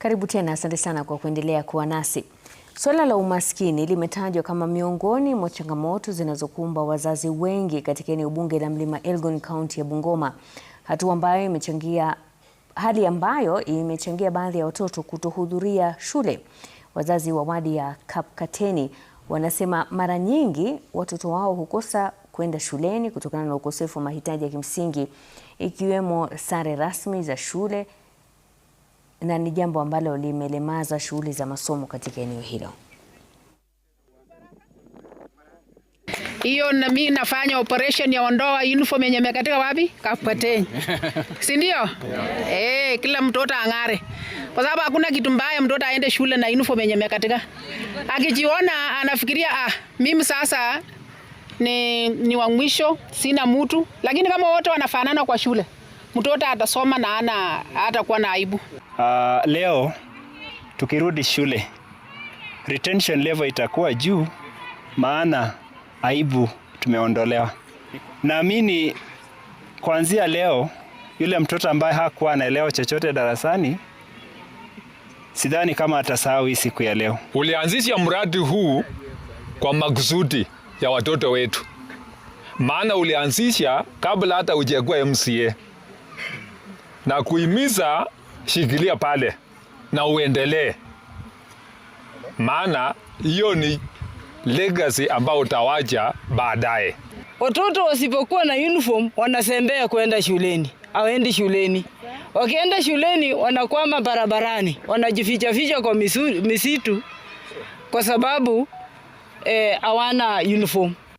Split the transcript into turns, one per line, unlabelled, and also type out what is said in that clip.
Karibu tena, asante sana kwa kuendelea kuwa nasi. Suala la umaskini limetajwa kama miongoni mwa changamoto zinazokumba wazazi wengi katika eneo bunge la Mlima Elgon, kaunti ya Bungoma, hatua ambayo imechangia hali ambayo imechangia baadhi ya watoto kutohudhuria shule. Wazazi wa wadi ya Kapkateni wanasema mara nyingi watoto wao hukosa kwenda shuleni kutokana na ukosefu wa mahitaji ya kimsingi ikiwemo sare rasmi za shule na ni jambo ambalo limelemaza shughuli za masomo katika eneo hilo.
Hiyo na mimi nafanya operation ya ondoa uniform yenye mekatika wapi? Kapateni. Si ndio? Yeah. hey, eh, kila mtoto ang'are. Kwa sababu hakuna kitu mbaya mtoto aende shule na uniform yenye mekatika. Akijiona anafikiria ah, mimi sasa ni, ni wa mwisho, sina mtu. Lakini kama wote wanafanana kwa shule mtoto atasoma na ana hatakuwa na aibu.
Uh, leo tukirudi shule retention level itakuwa juu, maana aibu tumeondolewa. Naamini kuanzia leo yule mtoto ambaye hakuwa anaelewa chochote darasani sidhani kama atasahau hii siku ya leo.
Ulianzisha mradi huu kwa makusudi ya watoto wetu, maana ulianzisha kabla hata hujakuwa MCA na kuhimiza, shikilia pale na uendelee, maana hiyo ni legacy ambao utawacha baadaye.
Watoto wasipokuwa na uniform wanasembea kwenda shuleni, awendi shuleni. Wakienda shuleni wanakwama barabarani, wanajifichaficha kwa misu, misitu kwa sababu eh, awana uniform.